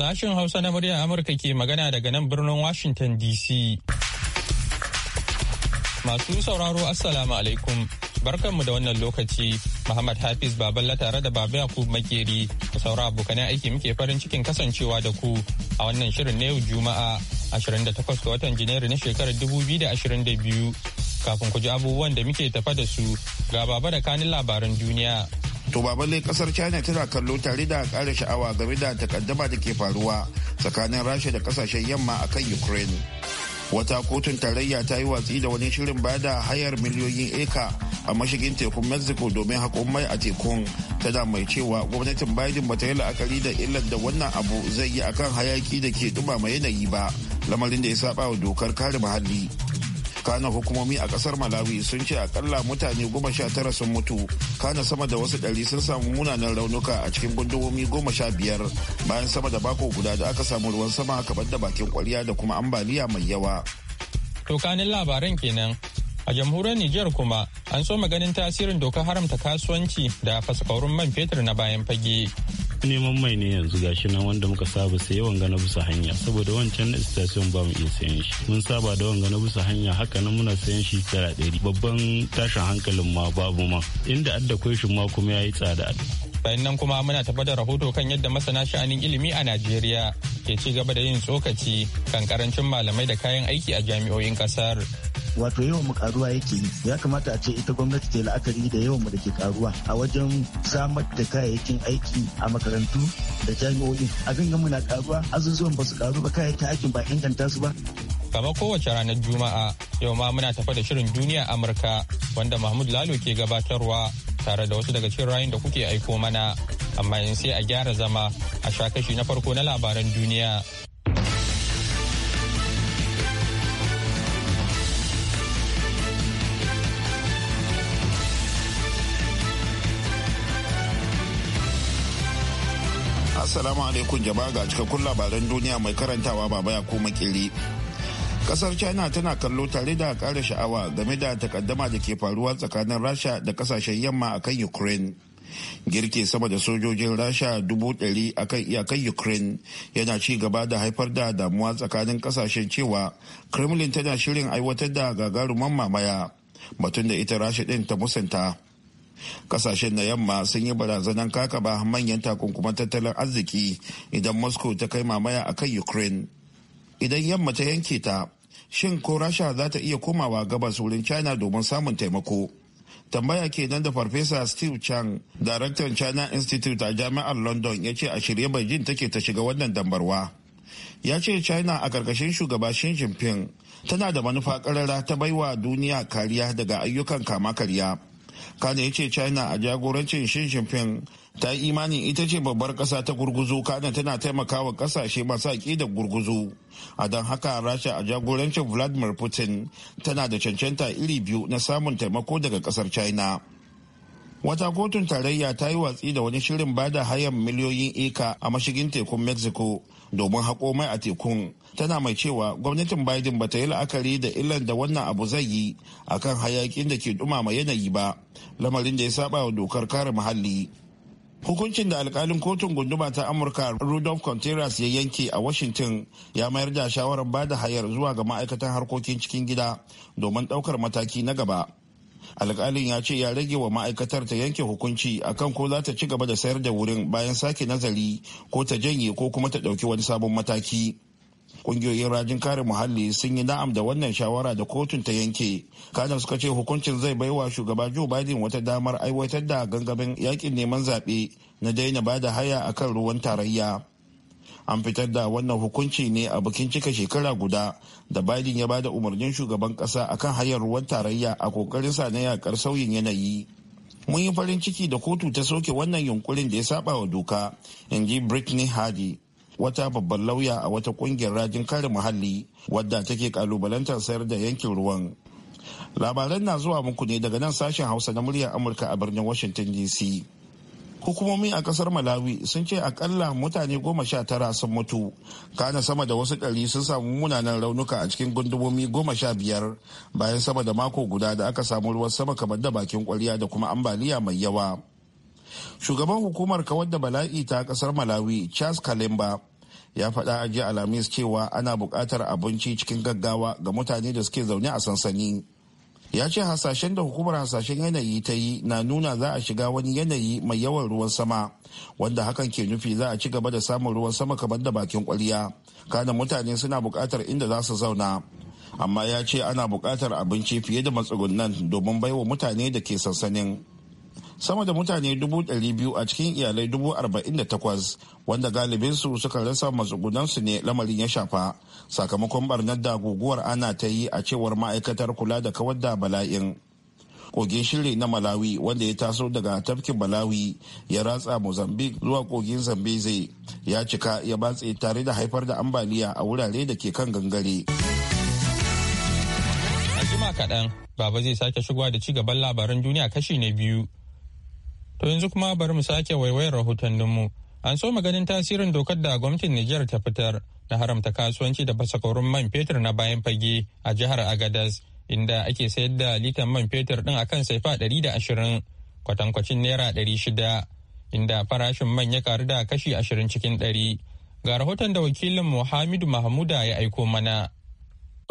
Sashen Hausa na muryar Amurka ke magana daga nan birnin Washington DC. Masu sauraro Assalamu alaikum. Barkanmu da wannan lokaci, Muhammad Hafiz Baballa tare da Baba Yakub Makeri da saura abokanai aiki muke farin cikin kasancewa da ku a wannan shirin na yau Juma'a 28 ga watan Janairu na shekarar 2022. Kafin ku ji abubuwan da muke tafa da su ga baba da kanin labaran duniya. to ba balle kasar china tana kallo tare da kara sha'awa game da takaddama da ke faruwa tsakanin rasha da kasashen yamma akan ukraine wata kotun tarayya ta yi watsi da wani shirin ba da hayar miliyoyin eka a mashigin tekun mexico domin haƙon mai a tekun tana mai cewa gwamnatin biden bata yi la'akari da illar da wannan abu zai yi akan hayaki da ke dumama yanayi ba lamarin da ya saba wa dokar kare muhalli kana hukumomi a kasar malawi sun ce akalla mutane goma sha tara sun mutu kana sama da wasu ɗari sun samu munanan raunuka a cikin gundumomi goma sha biyar bayan sama da bako guda da aka samu ruwan sama kabar da bakin kwarya da kuma ambaliya mai yawa kanin labaran kenan a jamhuriyar niger kuma an so maganin tasirin dokar haramta kasuwanci da fasakorin man fetur na bayan fage neman mai ne yanzu gashi nan wanda muka saba sai wanga na busa hanya saboda wancan na station ba mu iya sayan shi mun saba da wanga na busa hanya haka nan muna sayan shi tara ɗari babban tashin hankalin ma babu ma inda adda kwashin ma kuma ya yi tsada bayan nan kuma muna tafa da rahoto kan yadda masana sha'anin ilimi a najeriya ke ci gaba da yin tsokaci kan karancin malamai da kayan aiki a jami'o'in kasar wato yawan mu karuwa yake yi ya kamata a ce ita gwamnati ta la'akari da yawan mu da ke karuwa a wajen samar da kayayyakin aiki a makarantu da jami'o'i abin ga muna karuwa azuzuwan ba su karu ba kayayyakin aikin ba inganta su ba kamar kowace ranar juma'a yau ma muna tafa da shirin duniya amurka wanda mahmud lalo ke gabatarwa tare da wasu daga cikin rayun da kuke aiko mana amma in sai a gyara zama a sha kashi na farko na labaran duniya Assalamu alaikum jama'a ga cikakkun labaran duniya mai karantawa baba ya kuma makiri Kasar China tana kallo tare da ƙara sha'awa game da takaddama da ke faruwa tsakanin Rasha da kasashen yamma akan Ukraine. Girke sama da sojojin Rasha dubu ɗari akan iyakan Ukraine yana ci gaba da haifar da damuwa tsakanin kasashen cewa Kremlin tana shirin aiwatar da gagarumin mamaya batun da ita Rasha ɗin ta musanta. kasashen na yamma sun yi barazanar kakaba manyan takunkuman tattalin arziki idan moscow ta kai mamaya a kan ukraine idan yamma ta yanke ta shin ko rasha za ta iya komawa gabas wurin china domin samun taimako tambaya ke nan da farfesa steve chang daraktan china institute a jami'ar london ya ce a shirye beijing take ta shiga wannan dambarwa ya ce china a karkashin shugaba xi jinping tana da manufa karara ta baiwa duniya kariya daga ayyukan kama karya kana ya ce china a jagorancin shi jinping ta yi imanin ita ce babbar ƙasa ta gurguzu kana tana taimakawa ƙasashe masu da gurguzu a don haka rasha a jagorancin vladimir putin tana da cancanta iri biyu na samun taimako daga ƙasar china wata kotun tarayya ta yi watsi da wani shirin ba da hayan miliyoyin eka a mashigin tekun mexico domin hako mai a tekun tana mai cewa gwamnatin biden bata yi la'akari da illan da wannan abu zai yi a kan hayakin da ke dumama yanayi ba lamarin da ya saba wa dokar kare muhalli hukuncin da alkalin kotun gunduma ta amurka rudolph contreras ya yanke a washington ya mayar da shawarar bada hayar zuwa ga ma'aikatan harkokin cikin gida domin ɗaukar mataki na gaba alkalin ya ce ya rage wa ma'aikatar ta yanke hukunci akan ko za ta ci gaba da sayar da wurin bayan sake nazari ko ta janye ko kuma ta ɗauki wani sabon mataki ƙungiyoyin rajin kare muhalli sun yi na'am da wannan shawara da kotun ta yanke kana suka ce hukuncin zai baiwa shugaba joe biden wata damar aiwatar da gangamin yakin neman zaɓe na daina ba da haya akan ruwan tarayya an fitar da wannan hukunci ne a bikin cika shekara guda da biden ya bada umarnin shugaban kasa akan hanyar ruwan tarayya a sa na yakar sauyin yanayi mun yi farin ciki da kotu ta soke wannan yunkurin da ya saba wa doka in ji britney hardy wata babbar lauya a wata kungiyar rajin kare muhalli wadda take kalubalantar sayar da yankin ruwan labaran na zuwa muku ne daga nan sashen hausa na muryar amurka a birnin washington dc hukumomi a kasar malawi sun ce akalla mutane goma sha tara sun mutu kana sama da wasu ɗari sun samu munanan raunuka a cikin gundumomi goma sha biyar bayan sama da mako guda da aka samu ruwan sama kamar da bakin kwarya da kuma ambaliya mai yawa shugaban hukumar kawar da bala'i ta kasar malawi charles kalimba ya faɗa a jiya alhamis cewa ana buƙatar abinci cikin gaggawa ga mutane da suke zaune a sansani ya ce hasashen da hukumar hasashen yanayi ta yi na nuna za a shiga wani yanayi mai yawan ruwan sama wanda hakan ke nufi za a ci gaba da samun ruwan sama kamar da bakin kwalliya kana mutane suna buƙatar inda za su zauna amma ya ce ana buƙatar abinci fiye da matsugunan domin baiwa mutane da ke sansanin sama da mutane biyu a cikin iyalai takwas wanda galibinsu suka rasa su ne lamarin ya shafa sakamakon barnar da guguwar ana ta yi a cewar ma'aikatar kula da kawar da bala'in kogin shiri na malawi wanda ya taso daga tafkin malawi ya ratsa mozambique zuwa kogin zambeze ya cika ya batse tare da haifar da ambaliya a wurare da ke kan gangare jima kaɗan baba zai sake shigowa da ci gaban labaran duniya kashi na biyu To yanzu kuma bari mu sake waiwayar rahotanninmu. An so maganin tasirin dokar da gwamnatin Nijar ta fitar na haramta kasuwanci da fasakorin man fetur na bayan fage a jihar Agadez inda ake sayar da litan man fetur din akan saifa ɗari da ashirin. kwatankwacin naira shida. inda farashin man ya karu da kashi ashirin cikin ɗari. Ga rahoton da wakilin Muhammadu Mahmuda ya aiko mana.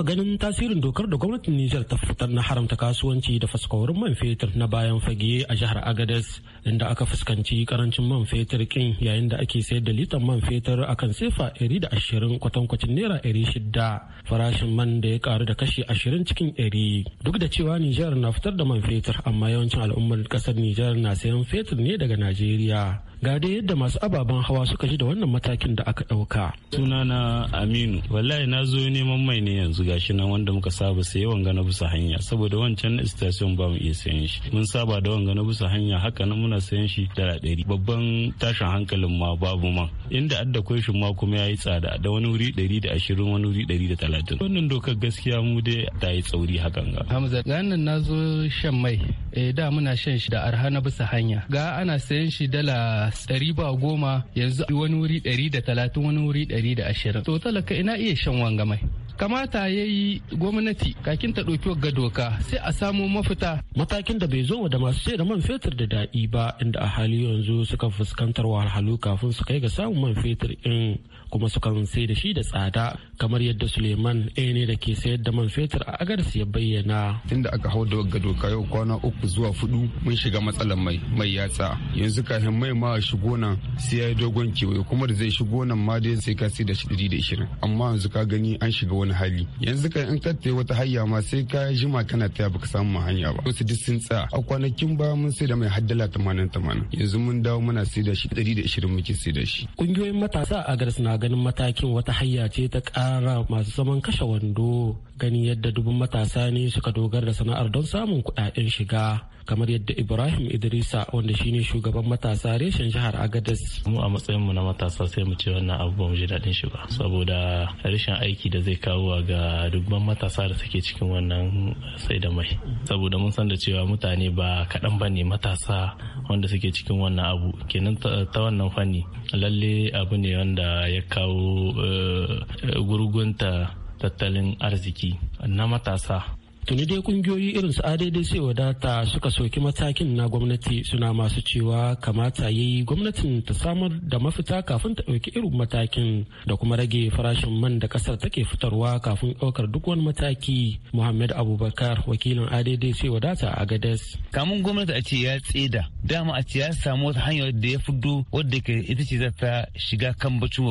ganin tasirin dokar da gwamnatin Nijar ta fitar na haramta kasuwanci da fasakorin man fetur na bayan fage a jihar Agadez inda aka fuskanci karancin man fetur kin yayin da ake sayar da litan man fetur akan sefa ashirin kwatankwacin naira shidda farashin man da ya karu da kashi ashirin cikin 100 duk da cewa Nijar na fitar da man fetur amma yawancin al'ummar kasar Nijar na sayan fetur ne daga Najeriya ga dai yadda masu ababen hawa suka ji da wannan matakin da aka ɗauka. sunana aminu wallahi na zo neman mai ne yanzu gashi nan wanda muka saba sai wanga na bisa hanya saboda wancan station ba mu iya sayan shi mun saba da wanga na bisa hanya haka nan muna sayan shi dala ɗari babban tashin hankalin ma babu ma. inda adda shi ma kuma ya yi tsada da wani wuri ɗari da ashirin wani wuri ɗari da talatin wannan dokar gaskiya mu dai ta yi tsauri hakan ga. hamza ganin na zo shan mai eh, da muna shan shi da arha na bisa hanya ga ana sayan shi dala dari ɗari ba goma yanzu wani wuri ɗari da talatin wani wuri ɗari da ashirin to talaka ina iya shan wanga mai kamata ya yi gwamnati kakin ta ɗauki wagga doka sai a samu mafita. Matakin da bai zo da masu sai da man fetur da daɗi ba inda a hali yanzu suka fuskantar wahalhalu kafin su kai ga samun man fetur in kuma sukan sai da shi da tsada kamar yadda Suleiman ne da ke sayar da man fetur a agarsu ya bayyana. Inda aka hau da wagga doka yau kwana uku zuwa fudu mun shiga matsalar mai mai yatsa yanzu kafin mai ma shigo nan sai ya yi dogon kewaye kuma da zai shigo nan ma dai sai ka sai da shi da ishirin amma yanzu ka gani an shiga wani wani hali yanzu kan in ka wata hayya ma sai ka jima kana taya baka samu ma hanya ba wasu duk sun a kwanakin ba mun sai da mai haddala tamanin tamanin yanzu mun dawo muna sai da shi ɗari da ishirin muke sai da shi. ƙungiyoyin matasa a garis na ganin matakin wata hayya ce ta ƙara masu zaman kashe wando gani yadda dubun matasa ne suka dogara da sana'ar don samun kuɗaɗen shiga. kamar yadda ibrahim idrisa wanda shine shugaban matasa reshen jihar agadas mu a matsayin mu na matasa sai mu ce wannan abu ba mu ji daɗin shi ba saboda rashin aiki da zai kawo ga dubban matasa da suke cikin wannan sai da mai saboda mun san da cewa mutane ba kaɗan ba ne matasa wanda suke cikin wannan abu kenan ta wannan fanni lalle abu ne wanda ya kawo eh, gurgunta tattalin arziki na matasa tuni dai kungiyoyi irin su adaidai sai wadata suka soki matakin na gwamnati suna masu cewa kamata ya yi gwamnatin ta samar da mafita kafin ta ɗauki irin matakin da kuma rage farashin man da ƙasar take fitarwa kafin ɗaukar duk wani mataki muhammad abubakar wakilin adaidai sai wadata a gadas kamun gwamnati a ce ya tseda dama a ce ya samu wata hanyar da ya fudu wadda ke ita ce zata ta shiga kan bacin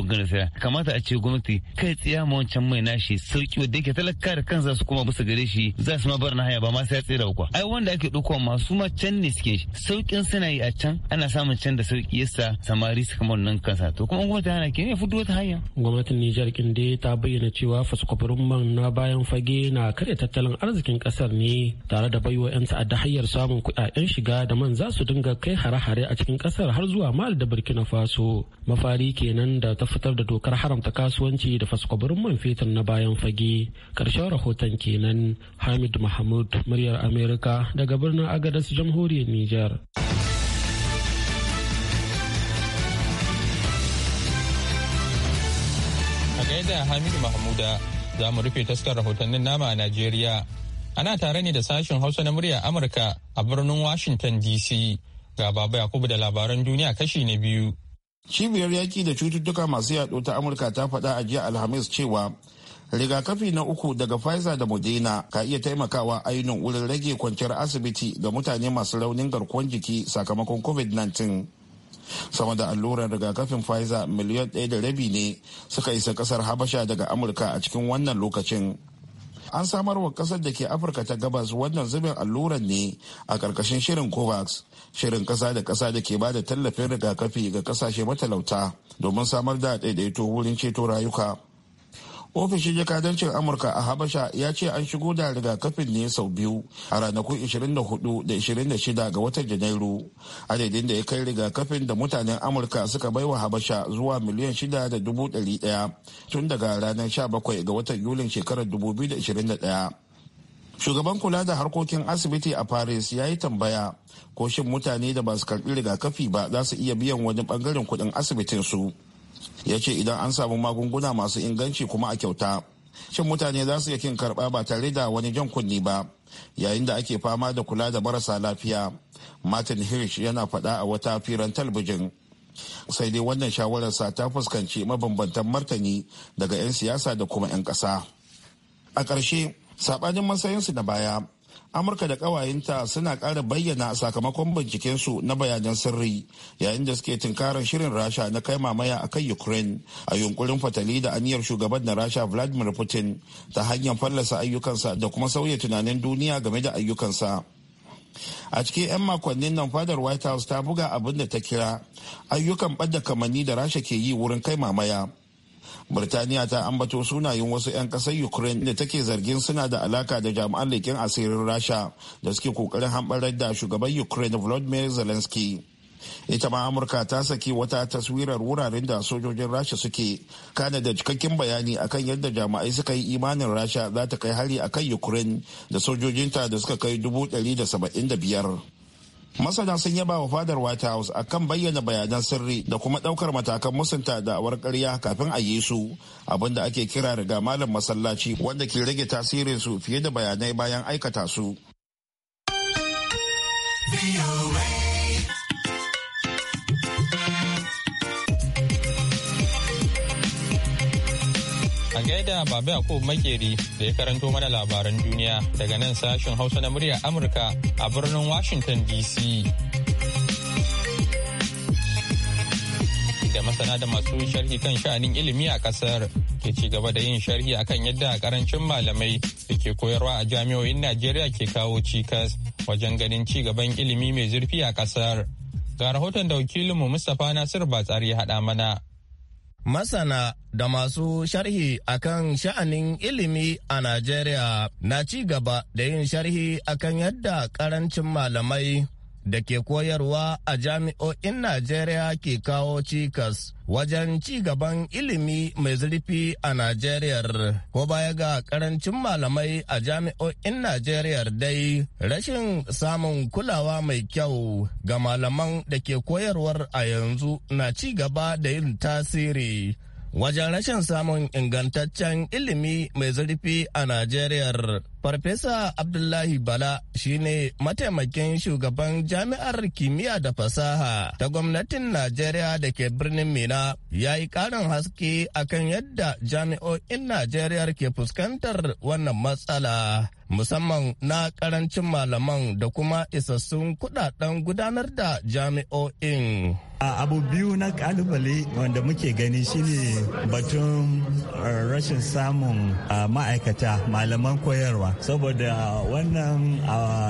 kamata a ce gwamnati kai tsiya ma wancan mai nashi sauki wadda yake talaka da kansa su kuma bisa gare shi za su ma bar na haya ba ma sai ya tsira kuwa ai wanda ake ɗaukowa masu ma can ne suke saukin suna yi a can ana samun can da sauki yasa samari su kamar nan kansa to kuma gwamnati hana ke ne fudu wata hanya gwamnatin Nijar kin dai ta bayyana cewa fasakwafirin man na bayan fage na karya tattalin arzikin kasar ne tare da baiwa 'yan ta'adda hanyar samun kuɗaɗen shiga da man za su dinga kai hare-hare a cikin kasar har zuwa Mali da Burkina Faso mafari kenan da ta fitar da dokar haramta kasuwanci da fasakwafirin man fetur na bayan fage karshen rahoton kenan Hamid Mahmud muryar Amerika daga birnin Agadas jamhuriyar Nijar. A gaida Hamid Mahmuda za mu rufe taskar rahotannin nama a Najeriya. Ana tare ne da sashen Hausa na muryar Amurka a birnin Washington DC. Ga Baba Yakubu da labaran duniya kashi na biyu. Cibiyar yaƙi da cututtuka masu yaɗo ta Amurka ta faɗa a jiya Alhamis cewa rigakafi na uku daga pfizer da moderna ka iya taimakawa ainihin wurin rage kwanciyar asibiti ga mutane masu raunin garkuwar jiki sakamakon covid-19 sama da alluran rigakafin pfizer miliyan ɗaya da rabi ne suka isa ƙasar habasha daga amurka a cikin wannan lokacin an samar wa ƙasar da ke afirka ta gabas wannan zubin alluran ne a ƙarƙashin shirin covax shirin ƙasa da ƙasa da ke bada tallafin rigakafi ga ƙasashe matalauta domin samar da ɗaiɗaito wurin ceto rayuka ofishin jakadancin amurka a habasha ya ce an shigo da rigakafin ne sau biyu a ranakun 24 da 26 ga watan janairu adadin da ya kai rigakafin da mutanen amurka suka baiwa habasha zuwa miliyan 6.100 tun daga ranar 17 ga watan yulin shekarar 2021 shugaban kula da harkokin asibiti a paris ya yi tambaya ko shin mutane da ba su karbi rigakafi ba za su iya biyan wani bangaren kudin asibitinsu. ya ce idan an samu magunguna masu inganci kuma a kyauta shin mutane za su iya kin karɓa ba tare da wani jan kunni ba yayin da ake fama da kula da marasa lafiya martin hirsch yana faɗa a wata firan talbijin sai dai wannan shawararsa ta fuskanci mabambantan martani daga 'yan siyasa da kuma 'yan ƙasa a ƙarshe saɓanin matsayinsu na baya amurka da ƙawayenta suna kara bayyana sakamakon bincikensu na bayanan sirri yayin da suke tunkarar shirin rasha na kai mamaya a kan ukraine a yunkurin fatali da aniyar shugaban na rasha vladimir putin ta hanyar fallasa ayyukansa da kuma sauya tunanin duniya game da ayyukansa a cikin 'yan makonnin nan fadar white house ta buga abin da ta kira ayyukan ɓadda kamanni da rasha ke yi wurin kai mamaya Birtaniya ta ambato sunayen wasu 'yan ƙasar Ukraine da take zargin suna da alaka da jami'an leƙen asirin Rasha da suke ƙoƙarin hamɓarar da shugaban Ukraine Vladimir Zelensky. Ita ma Amurka ta saki wata taswirar wuraren da sojojin Rasha suke kana da cikakken bayani akan yadda jami'ai suka yi imanin Rasha za ta kai hari akan Ukraine da sojojinta da suka kai dubu ɗari da saba'in da biyar. masana sun yaba wa fadar white house akan bayyana bayanan sirri da kuma daukar matakan musunta awar karya kafin a yi su abinda ake kira riga malam masallaci wanda ke rage tasirin su fiye da bayanai bayan aikata su. A gaida Baba ko Makeri da ya karanto mana labaran duniya daga nan sashen Hausa na muryar Amurka a birnin Washington DC. Da masana da masu sharhi kan sha'anin ilimi a kasar ke ci gaba da yin sharhi akan yadda karancin malamai da ke koyarwa a jami'o'in Najeriya ke kawo cikas wajen ganin ci gaban ilimi mai zurfi a kasar. Ga rahoton da wakilinmu Mustapha Nasir Batsari ya haɗa mana Masana da masu sharhi akan sha'anin ilimi a Najeriya na ci gaba da yin sharhi akan yadda ƙarancin malamai da ke koyarwa a jami'o'in Najeriya ke kawo cikas wajen ci gaban ilimi mai zurfi a Najeriya ko baya ga karancin malamai a jami'o'in Najeriya dai rashin samun kulawa mai kyau ga malaman da ke koyarwar a yanzu na ci gaba da yin tasiri. Wajen rashin samun ingantaccen ilimi mai zurfi a Najeriya. Farfesa Abdullahi Bala shine mataimakin shugaban jami'ar kimiyya da fasaha ta gwamnatin Najeriya da ke birnin Mina ya yi ƙarin haske akan yadda jami'o'in Najeriya ke fuskantar wannan matsala. musamman na karancin malaman da kuma isassun kudaden gudanar da jami'o'in. abu biyu na kalubale wanda muke gani shine batun eh, rashin samun eh, ma'aikata malaman koyarwa saboda wannan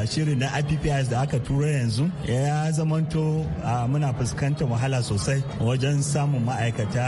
shirin na ipps da aka tura yanzu ya zamanto muna fuskantar wahala sosai wajen samun ma'aikata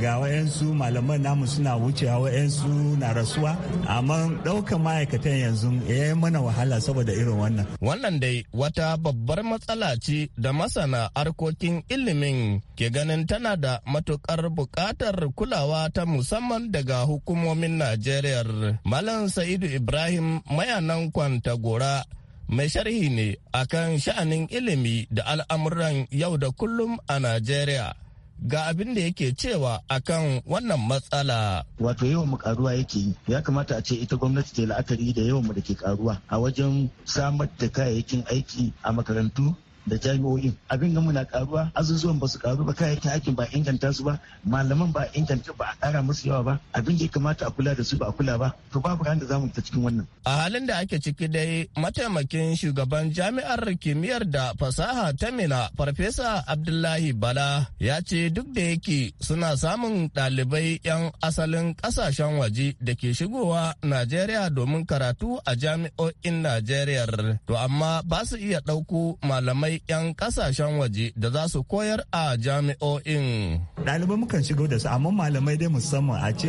ga wayansu malaman namu suna wucewa wayansu na rasuwa amma ɗaukan ma'aikatan yanzu ya yi mana wahala saboda irin wannan. Wannan dai wata babbar matsala ce da masana harkokin ilimin ke ganin tana da matukar bukatar kulawa ta musamman daga hukumomin Najeriya. Malam sai sa'idu ibrahim mayanan kwanta gora mai sharhi ne akan sha'anin ilimi da al'amuran yau da kullum a najeriya ga abin da yake cewa akan wannan matsala. Wato yawan mu karuwa yake yi, ya kamata a ce ita gwamnati ta la'akari da yawan mu da ke karuwa a wajen samar da kayayyakin aiki a makarantu da jami'o'in abin ga muna karuwa azuzuwan ba su karu ba kayayyakin aikin ba inganta su ba malaman ba inganta ba a kara musu yawa ba abin da ya kamata a kula da su ba a kula ba to babu ran da zamu ta cikin wannan a halin da ake ciki dai mataimakin shugaban jami'ar kimiyyar da fasaha ta mila farfesa abdullahi bala ya ce duk da yake suna samun ɗalibai 'yan asalin ƙasashen waje da ke shigowa najeriya domin karatu a jami'o'in najeriya to amma ba su iya ɗauko malamai 'yan kasashen waje da za su koyar a jami'o'in. Ɗalibai mukan shigo da su amma malamai dai musamman a ce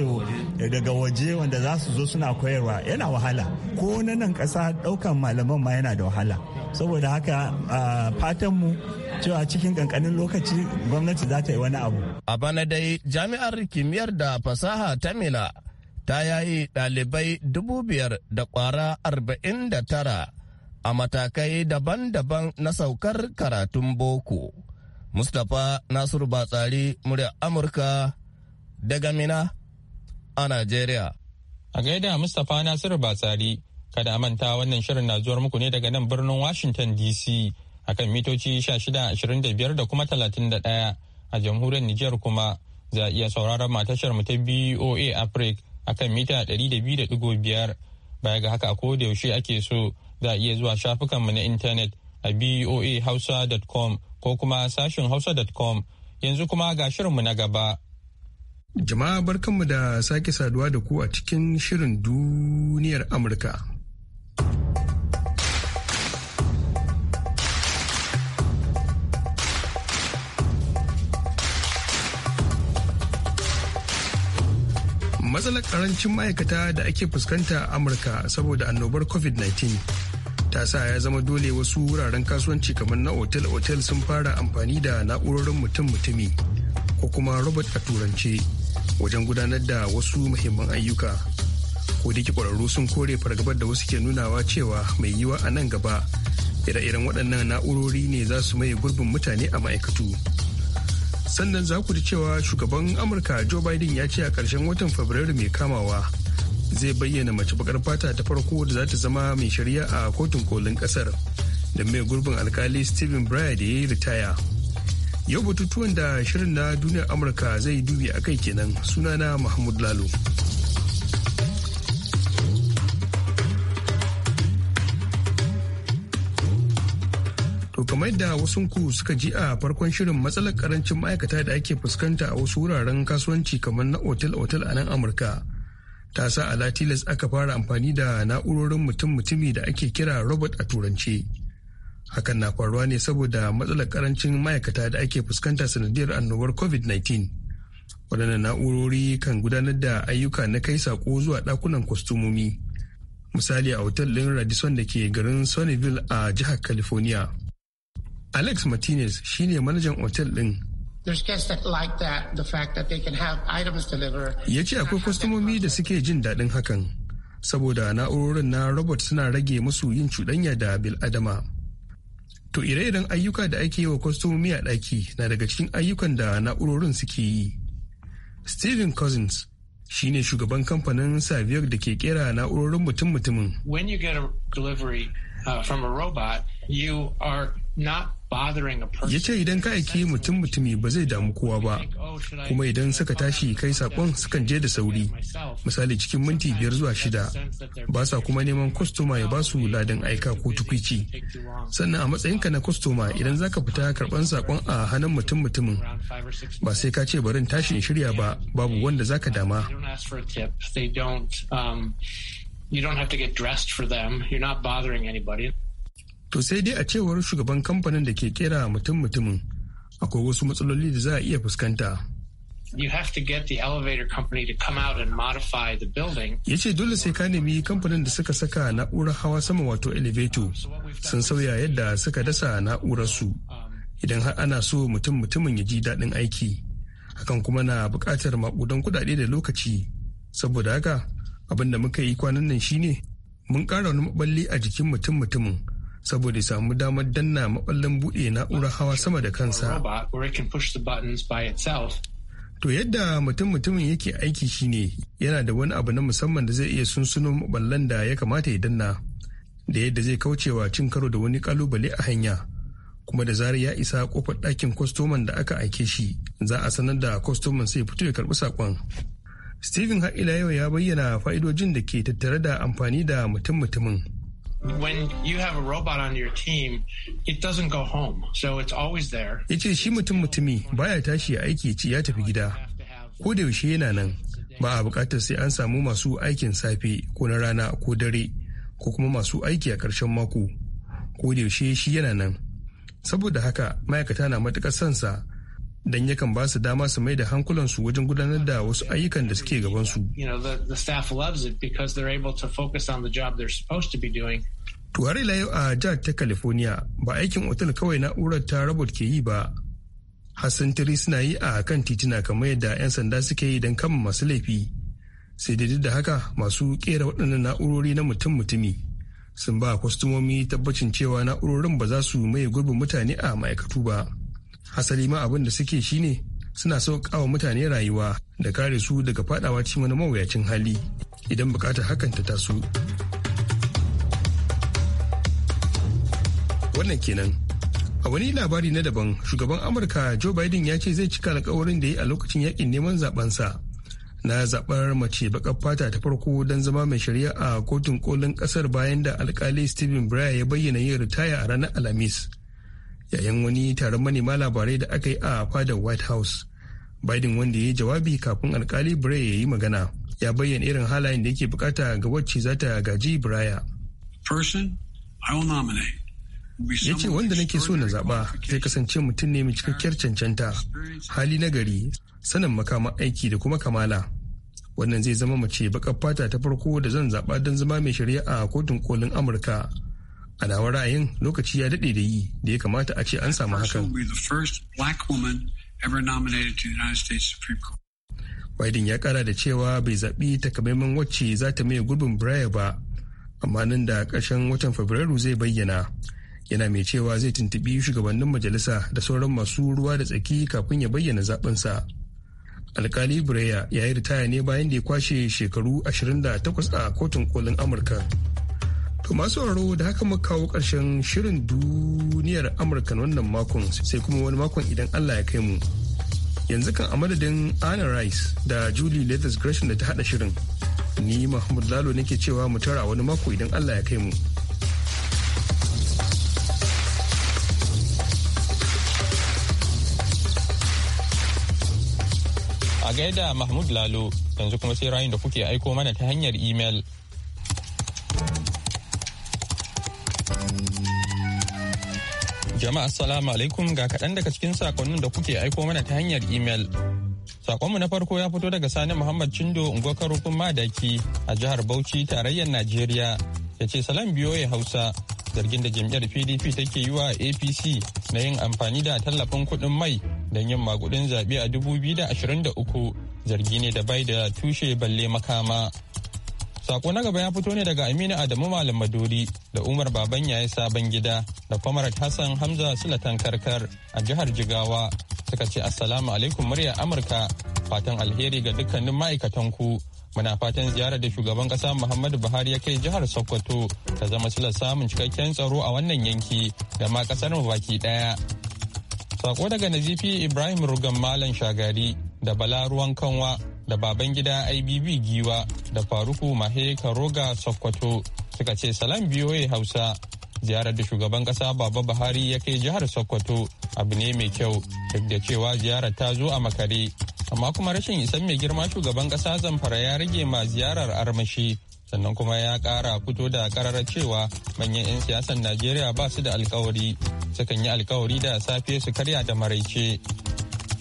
daga waje wanda za su zo suna koyarwa yana wahala ko na nan ƙasa ɗaukan malaman ma yana da wahala. Saboda haka fatan mu cewa cikin ƙanƙanin lokaci gwamnati za ta yi wani abu. A bana dai jami'ar kimiyyar da fasaha ta Mila ta yayi ɗalibai dubu biyar da ƙwara arba'in da tara a matakai daban-daban na saukar karatun boko. Mustapha Nasiru Batsari murya Amurka daga Mina a Najeriya. A gaida Mustapha Nasiru Batsari, kada manta wannan shirin na zuwar muku ne daga nan birnin Washington DC akan mitoci 1625 da kuma 31 a jamhuriyar Nijar kuma za a iya sauraron matashar mu ta BOA Africa akan mita 200.5 baya ga haka a da yaushe ake so za a iya zuwa shafukanmu na intanet a boahausa.com ko kuma sashin hausa.com yanzu kuma ga shirinmu na gaba. Jama'a barkanmu da sake saduwa da ku a cikin shirin duniyar Amurka. Matsalar karancin ma'aikata da ake fuskanta a Amurka saboda annobar COVID-19 ta sa ya zama dole wasu wuraren kasuwanci kamar na otel-otel sun fara amfani da na'urorin mutum-mutumi ko kuma robot a turance wajen gudanar da wasu muhimman ayyuka ko da kwararru sun kore fargabar da wasu ke nunawa cewa mai yiwa a nan gaba ire-iren waɗannan na'urori ne za su maye gurbin mutane a ma'aikatu sannan za ku ji cewa shugaban amurka joe biden ya ce a ƙarshen watan fabrairu mai kamawa zai bayyana mace bakar fata ta farko da za ta zama mai shari'a a kotun kolin kasar da mai gurbin alkali stephen breyer da ya yi ritaya yau batutuwan da shirin na duniyar amurka zai dubi a kai kenan na mahmud lalo kamar da wasu ku suka ji a farkon shirin matsalar karancin ma'aikata da ake fuskanta a wasu wuraren kasuwanci kamar na otel-otel a nan Amurka ta sa a latilas aka fara amfani da na'urorin mutum-mutumi da ake kira robot a turance hakan na faruwa ne saboda matsalar karancin ma'aikata da ake fuskanta sanadiyar annobar covid-19 waɗannan na'urori kan gudanar da ayyuka na kai saƙo zuwa ɗakunan kwastomomi misali a otal ɗin radisson da ke garin sunnyville a jihar california alex martinez shine manajan otal ɗin Ya ce akwai kwastomomi da suke jin daɗin hakan, saboda na'urorin na robot suna rage musu yin cuɗanya da bil'adama. To ire-iren ayyuka da ake yi wa kwastomomi a ɗaki na daga cikin ayyukan da na'urorin suke yi. Steven Cousins shi ne shugaban kamfanin Saviyar da ke kera na'urorin mutum-mutumin. When you get a delivery uh, from a robot, you are not ya ce idan ka aiki mutum mutumi ba zai damu kowa ba kuma idan suka tashi kai sakon sukan je da sauri misali cikin minti biyar zuwa shida ba sa kuma neman kwastoma ya ba su ladan aika ko tukwici sannan a matsayinka na kwastoma idan za ka fita karban sakon a hannun mutum mutumin ba sai ka ce barin tashi in shirya ba babu wanda za ka dama um, You don't have to get dressed for them. You're not bothering anybody. To sai dai a cewar shugaban kamfanin da ke kera mutum-mutumin akwai wasu matsaloli da za a iya fuskanta. You have get the elevator company to come the building. Ya ce dole sai ka nemi kamfanin da suka saka na'urar hawa sama wato elevator sun sauya yadda suka dasa na'urar su idan har ana so mutum-mutumin ya ji daɗin aiki. Hakan kuma na buƙatar maƙudan kuɗaɗe da lokaci. Saboda haka abin da muka yi kwanan nan shine mun ƙara wani maballi a jikin mutum-mutumin. saboda ya samu damar danna maɓallin buɗe na'urar hawa sama da kansa. To yadda mutum-mutumin yake aiki shine yana da wani abu na musamman da zai iya sunsuno maballan da ya kamata ya danna, da yadda zai kaucewa cin karo da wani kalubale a hanya. kuma da zarar ya isa kofar ɗakin kwastoman da aka aike shi za a sanar da kwastoman sai fito ya karɓi saƙon. Stephen har ila yau ya bayyana fa'idojin da ke tattare da amfani da mutum-mutumin. when you have a robot on your team, it doesn't go home, so it's always there. Ya ce shi mutum mutumi baya tashi aiki ci ya tafi gida, ko da yaushe yana nan ba a bukatar sai an samu masu aikin safe ko na rana ko dare ko kuma masu aiki a ƙarshen mako, ko da yaushe shi yana nan. Saboda haka ma'aikata na matuƙar sansa don yakan ba su dama su mai da hankulansu wajen gudanar da wasu ayyukan da suke gabansu. Tuwari layo a jihar ta California ba aikin otal kawai na'urar ta robot ke yi ba. Tiri suna yi a kan titina kamar yadda 'yan sanda suke yi don kama masu laifi. Sai da da haka masu kera waɗannan na'urori na mutum-mutumi sun ba kwastomomi tabbacin cewa na'urorin ba za su maye gurbin mutane a ma'aikatu ba. hasali ma abin da suke shine suna wa mutane rayuwa da kare su daga fadawa cikin wani mawuyacin hali idan bukatar hakan ta taso wannan kenan a wani labari na daban shugaban amurka joe biden ya ce zai cika alkawarin da ya a lokacin yakin neman zabensa na zaɓar mace bakar fata ta farko don zama mai shari'a a kotun kolin ƙasar bayan da alkali stephen breyer ya bayyana yin ritaya a ranar alhamis yayin wani taron manema labarai da aka yi a fadar white house biden wanda ya yi jawabi kafin alkali bray ya yi magana ya bayyana irin halayen da yake bukata ga wacce za ta gaji braya ya ce wanda nake so na zaba zai kasance mutum ne mai cikakkiyar cancanta hali na gari sanin makaman aiki da kuma kamala wannan zai zama mace bakar fata ta farko da zan zaba don zama mai shari'a a kotun kolin amurka a nawa ra'ayin lokaci ya daɗe da yi da ya kamata a ce an samu hakan. Biden ya kara da cewa bai zaɓi takamaiman wacce za ta maye gurbin Breyer ba, amma nan da ƙarshen watan Fabrairu zai bayyana. Yana mai cewa zai tuntuɓi shugabannin majalisa da sauran masu ruwa da tsaki kafin ya bayyana zaɓinsa. Alkali Breyer ya yi ritaya ne bayan da ya kwashe shekaru 28 a kotun kolin Amurka. To masu sauraro da haka muka kawo ƙarshen shirin duniyar Amurka na wannan makon sai kuma wani makon idan Allah ya kai mu. Yanzu kan a madadin Anna Rice da Julie Leathers Gresham da ta haɗa shirin. Ni Mahmud Lalo nake cewa mu tara wani mako idan Allah ya kai mu. A gaida Mahmud Lalo yanzu kuma sai rayun da kuke aiko mana ta hanyar imel. Jama'a assalamu alaikum ga kaɗan daga cikin sakonnin da kuke aiko mana ta hanyar imel. Sakonmu na farko ya fito daga Sani Muhammad Chindo Ngwakarufin Madaki a jihar Bauchi tarayyar Najeriya ya ce salam ya Hausa zargin da jam'iyyar PDP take yi wa APC na yin amfani da tallafin kuɗin mai don yin magudin zaɓe a 2023 zargi ne da bai da tushe balle makama. Sako na gaba ya fito ne daga Aminu Adamu Malam Maduri da Umar Baban yayi sabon gida da Kwamarat Hassan Hamza Sulatan Karkar a jihar Jigawa suka ce Assalamu alaikum murya Amurka fatan alheri ga dukkanin ma'aikatan ku muna fatan ziyarar da shugaban kasa Muhammadu Buhari ya kai jihar Sokoto ta zama silar samun cikakken tsaro a wannan yanki da ma kasar mu baki ɗaya. Sako daga Nazifi Ibrahim Rugan Malam Shagari da Bala Ruwan Kanwa da baban gida ibb giwa da faruku mahe karoga sokoto suka ce salam biyoye hausa ziyarar da shugaban kasa baba buhari ya kai jihar sokoto abu ne mai kyau duk da cewa ziyarar ta zo a makare amma kuma rashin isan mai girma shugaban kasa zamfara ya rage ma ziyarar armashi sannan kuma ya kara fito da kararar cewa manyan 'yan siyasar najeriya ba su da alkawari sukan yi alkawari da safe su karya da maraice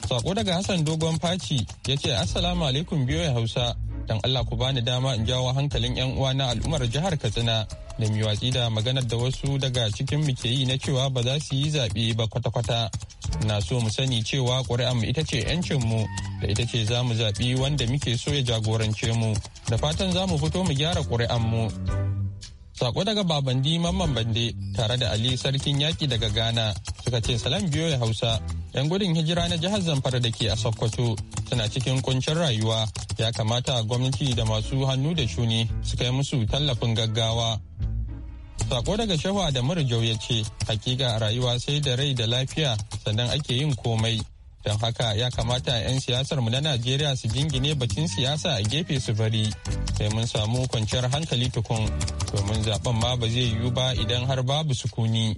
Sako daga Hassan Dogon Faci ya ce Assalamu alaikum biyoyi Hausa don Allah ku bani dama in jawo hankalin 'yan uwa na al'ummar jihar Katsina da mi watsi da maganar da wasu daga cikin mu ke yi na cewa ba za su yi zaɓe ba kwata-kwata. Na so mu sani cewa ƙuri'an mu ita ce 'yancin mu da ita ce za mu zaɓi wanda muke so ya jagorance mu da fatan za mu fito mu gyara ƙuri'an mu. Sako daga Babandi Mamman Bande tare da Ali Sarkin yaƙi daga Ghana suka ce salam biyo ya Hausa 'yan gudun hijira na jihar zamfara da ke a sokoto suna cikin kuncin rayuwa ya kamata gwamnati da masu hannu da shuni su kai musu tallafin gaggawa sako daga shehu da murjau ya ce hakika rayuwa sai da rai da lafiya sannan ake yin komai don haka ya kamata 'yan siyasar mu na najeriya su jingine batun siyasa a gefe su bari sai mun samu kwanciyar hankali tukun domin zaben ma ba zai yiwu ba idan har babu sukuni.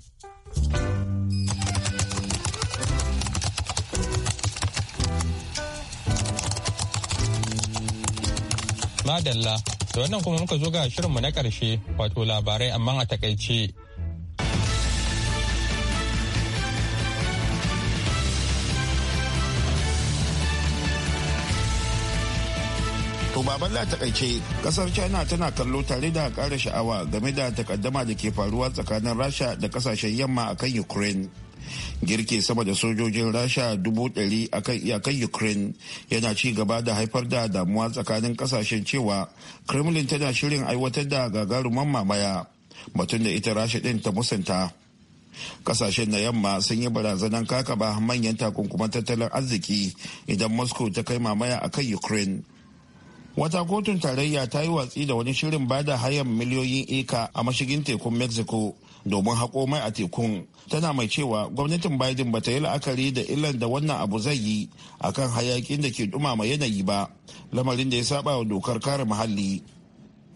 Madalla, da wannan kuma muka zo ga shirinmu na ƙarshe wato labarai amma a takaice. To baban la takaice kasar China tana kallo tare da ƙara sha'awa game da takaddama da ke faruwa tsakanin Rasha da kasashen yamma akan Ukraine. girke sama da sojojin rasha dubu ɗari a kan iyakar ukraine yana ci gaba da haifar da damuwa tsakanin kasashen cewa kremlin tana shirin aiwatar da gagaruman mamaya batun da ita rasha ɗin ta musanta kasashen na yamma sun yi barazanan ba manyan takunkuman tattalin arziki idan moscow ta kai mamaya a kan ukraine wata kotun tarayya ta yi watsi da wani shirin bada hayan miliyoyin eka a mashigin tekun mexico domin haƙo mai a tekun tana mai cewa gwamnatin biden ba ta yi la'akari da illan da wannan abu zai yi a kan hayakin da ke dumama yanayi ba lamarin da ya saba wa dokar kare muhalli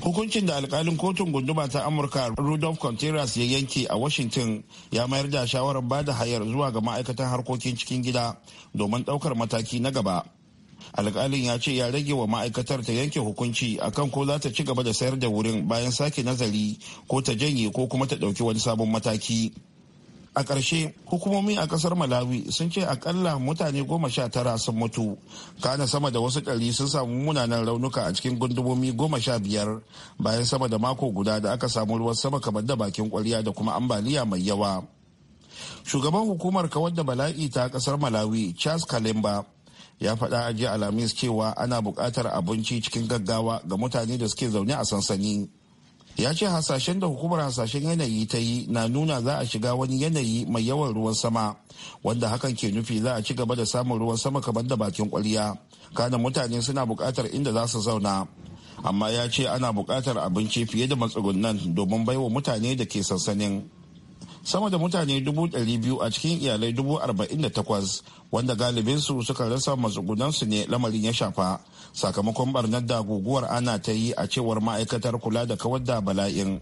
hukuncin da alkalin kotun gunduma ta amurka rudolf contreras ya yanke a washington ya mayar da shawarar bada hayar zuwa ga ma'aikatan harkokin cikin gida domin ɗaukar mataki na gaba alƙalin ya ce ya rage wa ma'aikatar ta yanke hukunci akan ko za ta ci gaba da sayar da wurin bayan sake nazari ko ta janye ko kuma ta ɗauki wani sabon mataki a ƙarshe hukumomi a ƙasar malawi sun ce akalla mutane goma sha tara sun mutu kana sama da wasu ɗari sun samu munanan raunuka a cikin gundumomi goma sha biyar bayan sama da mako guda da aka samu ruwan sama kamar da bakin ƙwariya da kuma ambaliya mai yawa shugaban hukumar kawar da bala'i ta ƙasar malawi charles kalimba ya faɗa a jiya alhamis cewa ana buƙatar abinci cikin gaggawa ga mutane da suke zaune a sansani ya ce hasashen da hukumar hasashen yanayi ta yi na nuna za a shiga wani yanayi mai yawan ruwan sama wanda hakan ke nufi za a ci gaba da samun ruwan sama kamar da bakin kwarya kana mutane suna buƙatar inda za su zauna amma ya ce ana buƙatar abinci fiye da matsugunan domin baiwa mutane da ke sansanin sama da mutane 200,000 a cikin iyalai 48,000 wanda galibinsu suka rasa su ne lamarin ya shafa sakamakon barnar da guguwar ana ta yi a cewar ma'aikatar kula da kawar da bala'in.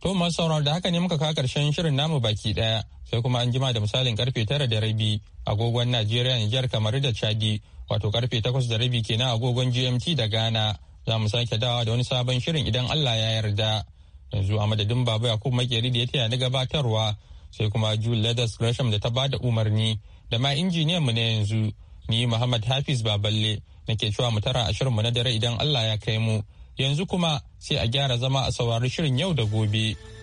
To masu da haka ne muka kawo karshen shirin namu baki daya sai kuma an jima da misalin karfe tara da rabi agogon Najeriya Nijar kamar da Chadi wato karfe takwas da rabi kenan agogon GMT da Ghana za mu sake dawa da wani sabon shirin idan Allah ya yarda. yanzu a madadin baba yakub makeri da ya taya ni gabatarwa sai kuma jul leathers gresham da ta ba da umarni da ma injiniyan mu na yanzu ni muhammad hafiz baballe nake cewa mu tara ashirin mu na dare idan allah ya kai mu yanzu kuma sai a gyara zama a saurari shirin yau da gobe.